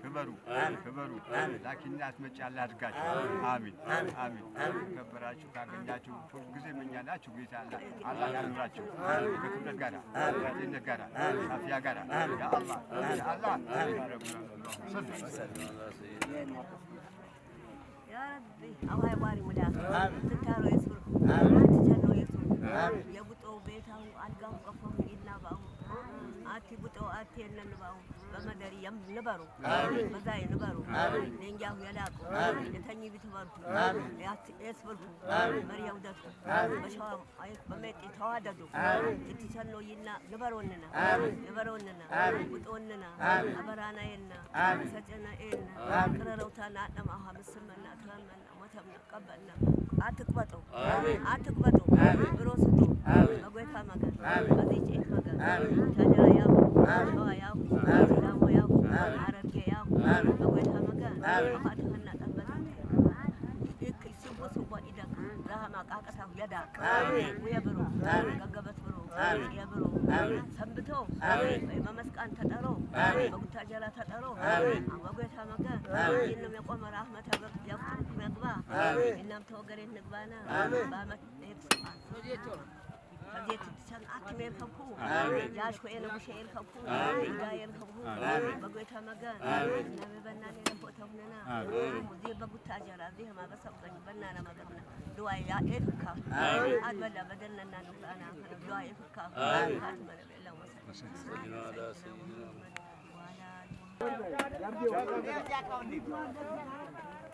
ክበሩ ክበሩ ላኪና አትመጭ አድርጋችሁ አሚን አሚን። ከበራችሁ ካገኛችሁ ሁልጊዜ እመኛላችሁ። ጌታ አላህ ያኑራችሁ ከክብረት ጋራ ከጤንነት ጋራ አፍያ ጋራ የአላህ የአላህ ያረቢ አት ቡጦ አቲ እንንባው በመደርየም ንበሩ በዛይ ንበሩ ለእንጃሁ የላቁ የተኝ ቢትበርኩ ያስብልኩ መርያው ደቱ በሸዋ አይክ በመጤ ተዋደዱ እትሰኖይና ንበሮንና ንበሮንና ቡጦንና አበራናይና ሰጨናኤና ቅረረውታና አጠማሃ ምስመና ተመና ሞተምና ቀበልና አትቅበጡ አትቅበጡ ብሮስቱ በጎይታ መገር በዚህ ጭት መገር ተደያ ሰንብተው በመስቃን ተጠሮ በጉታጀራ ተጠሮ በጎታ መገር ይህንም የቆመ ራህመት ያግባ እናም ተወገሬት ንግባና በአመት ከቤትሰን አትም የርከብኩ ያሽኮ የነጉሸ የርከብኩ ዳ የርከብኩ በጎይታ መገን ነቢ በናን የነቦተ ሁነና ሙዜ በጉታ ጀራ ዚህ ማበሰብ ቀኝ በናና መገብና ድዋ ኤፍካ አድበላ በደነና ንፍጣና ድዋ ኤፍካ ካትመለቤላ ወሰ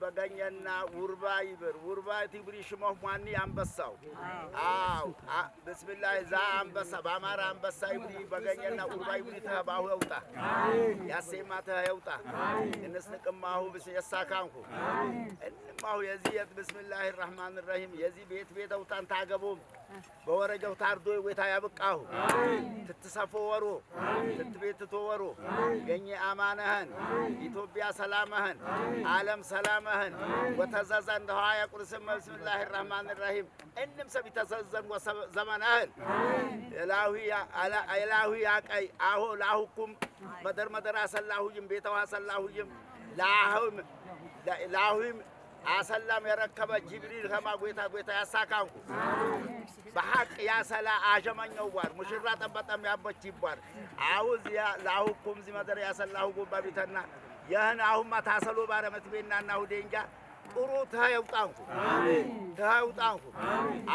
በገኘና ውርባ ይብር ውርባ ትብሪ ሽሞህ ሟኒ አንበሳው አው ብስሚላህ ዛ አንበሳ በአማራ አንበሳ ይብሪ በገኘና ውርባ ይብሪ ተህባሁ የውጣ ያሴማ ተህ የውጣ እንስንቅማሁ ብስ የሳካንኩ እንማሁ የዚህ ብስሚላህ ራህማን ራሂም የዚህ ቤት ቤት አውጣን ታገቦም በወረጀው ታርዶ ወታ ያብቃሁ ትትሰፎ ወሮ ትትቤትቶ ወሮ ገኘ አማነህን ኢትዮጵያ ሰላመህን ዓለም ሰላምህን ወተዘዘ እንደኋ የቁርስም ብስሚላህ ራህማን ራሂም እንም ሰብ ተሰዘን ዘመናህን ኤላሁ ያቀይ አሁ ላሁኩም መደር መደር አሰላሁይም ቤተው አሰላሁይም ላሁም አሰላም የረከበ ጅብሪል ከማ ጎታ ጎታ ያሳካንኩ በሐቅ ያሰላ አሸመኘው ጓር ሙሽራ ጠበጠም ያበች ይባር አውዝ ላሁኩም ዚ መደር ያሰላሁ ጉባ ቢተና ይህን አሁን ማታሰሎ ባረመት ቤና እና ሁዴ ጥሩ ድሀ ያውጣንኩ ድሀ ያውጣንኩ።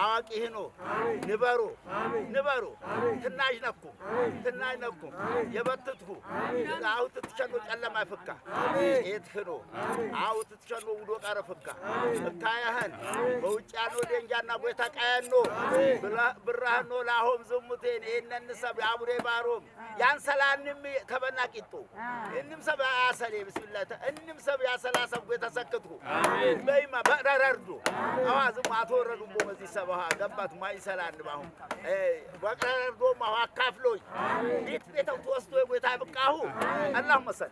አዋቂ ሂኖ ንበሩ ንበሩ ትናሽ ነኩ ትናሽ ነኩ የበትትኩ አውት ትሸኖ ጨለማ ፍካ ጤት ሂኖ አውት ትሸኖ ውዶ ቀረ ፍካ እካያህን በውጭ ያኖ ደንጃና ቦታ ቀያኖ ብራህኖ ላሆም ዝሙቴን ይህነን ሰብ አቡሬ ባሮም ያን ሰላንም ተበናቂጡ እንም ሰብ አሰሌ ብስሚላ እንም ሰብ ያሰላ ያሰላሰብ ቤተሰክትኩ በይማ በረረርዱ አዋዝም አትወረዱም በዚህ ሰበሃ ገባት ማይሰላን ባሁን ወቅረረርዶም አሁ አካፍሎኝ ቤት ቤተው ትወስዱ ያብቃሁ። አላሁመ ሰል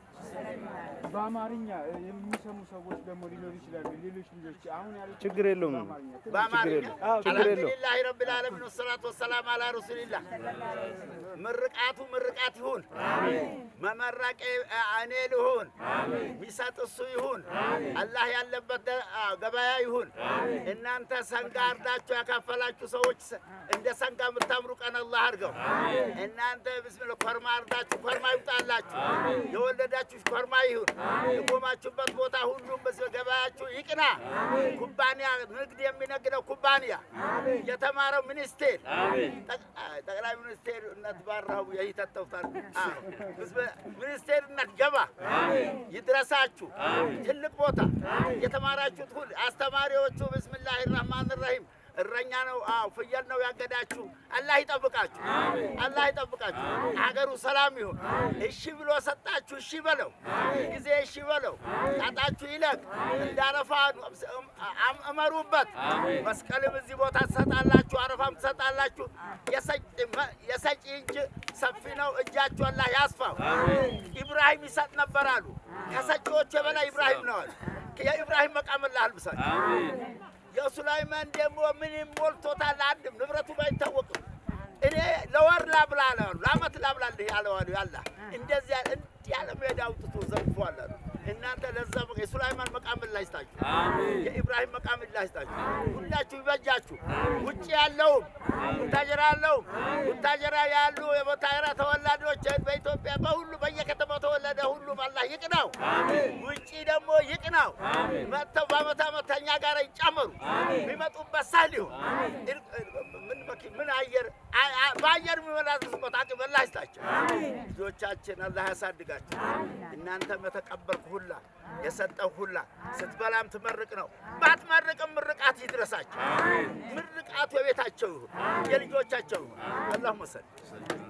በአማርኛ የሚሰሙ ሰዎች ደግሞ ሊኖሩ ይችላሉ። ሌሎች ልጆች አሁን ያሉት ችግር የለውም። በአማርኛ አልሐምዱሊላህ ረብል ዓለሚን ወሰላቱ ወሰላም አላ ረሱሊላህ። ምርቃቱ ምርቃት ይሁን፣ መመረቄ እኔ ልሁን፣ ሚሰጥ እሱ ይሁን፣ አላህ ያለበት ገበያ ይሁን። እናንተ ሰንጋ አርዳችሁ ያካፈላችሁ ሰዎች እንደ ሰንጋ የምታምሩ ቀን አላህ አድርገው። እናንተ ብስሚላ ኮርማ አርዳችሁ ኮርማ ይውጣላችሁ። የወለዳችሁ ኮርማ ይሁን። የቆማችሁበት ቦታ ሁሉም ገበያችሁ ይቅና። ኩባንያ ንግድ የሚነግደው ኩባንያ፣ የተማረው ሚኒስቴር፣ ጠቅላይ ሚኒስቴርነት ባራሁ ይተተውታል ሚኒስቴርነት ገባ ይድረሳችሁ። ትልቅ ቦታ የተማራችሁት ሁሉ አስተማሪዎቹ ብስሚላህ ራህማን ራሂም እረኛ ነው፣ ፍየል ነው ያገዳችሁ አላህ ይጠብቃችሁ፣ አላህ ይጠብቃችሁ። ሀገሩ ሰላም ይሁን። እሺ ብሎ ሰጣችሁ፣ እሺ በለው ጊዜ፣ እሺ በለው ጣጣችሁ ይለቅ። አረፋ እመሩበት። መስቀልም እዚህ ቦታ ትሰጣላችሁ፣ አረፋም ትሰጣላችሁ። የሰጪ እጅ ሰፊ ነው። እጃችሁ አላህ ያስፋው። ኢብራሂም ይሰጥ ነበር አሉ። ከሰጪዎቹ የበላይ ኢብራሂም ነዋል። አሉ። የኢብራሂም መቃመላ አልብሳችሁ የሱላይማን ደግሞ ምንም ሞልቶታል። አንድም ንብረቱ ባይታወቅም እኔ ለወር ላብላ አለ ለአመት ላብላ ያለ ያላ እንደዚያ እንዲህ ያለ ሜዳ አውጥቶ ዘግፏል አሉ። እናንተ ለዛ የሱላይማን መቃም ላይስጣችሁ፣ የኢብራሂም መቃም ላይስጣችሁ። ሁላችሁ ይበጃችሁ። ውጭ ያለውም ቡታጀራ ያለውም ቡታጀራ ያሉ የቡታጀራ ተወላጆች በኢትዮጵያ በሁሉ በየከተ የወለደ ሁሉ በአላህ ይቅናው፣ ውጪ ደግሞ ይቅናው። መጥተው በዓመት ዓመት ከእኛ ጋር ይጫመሩ። የሚመጡበት ሳህል ይሁን። ምን አየር በአየር የሚመላለሱበት አቅም አላህ ይስጣቸው። ልጆቻችን አላህ ያሳድጋቸው። እናንተም የተቀበልክ ሁላ የሰጠው ሁላ ስትበላም ትመርቅ ነው። ባትመርቅም ምርቃት ይድረሳቸው። ምርቃቱ የቤታቸው ይሁን፣ የልጆቻቸው ይሁን። አላሁ ሰል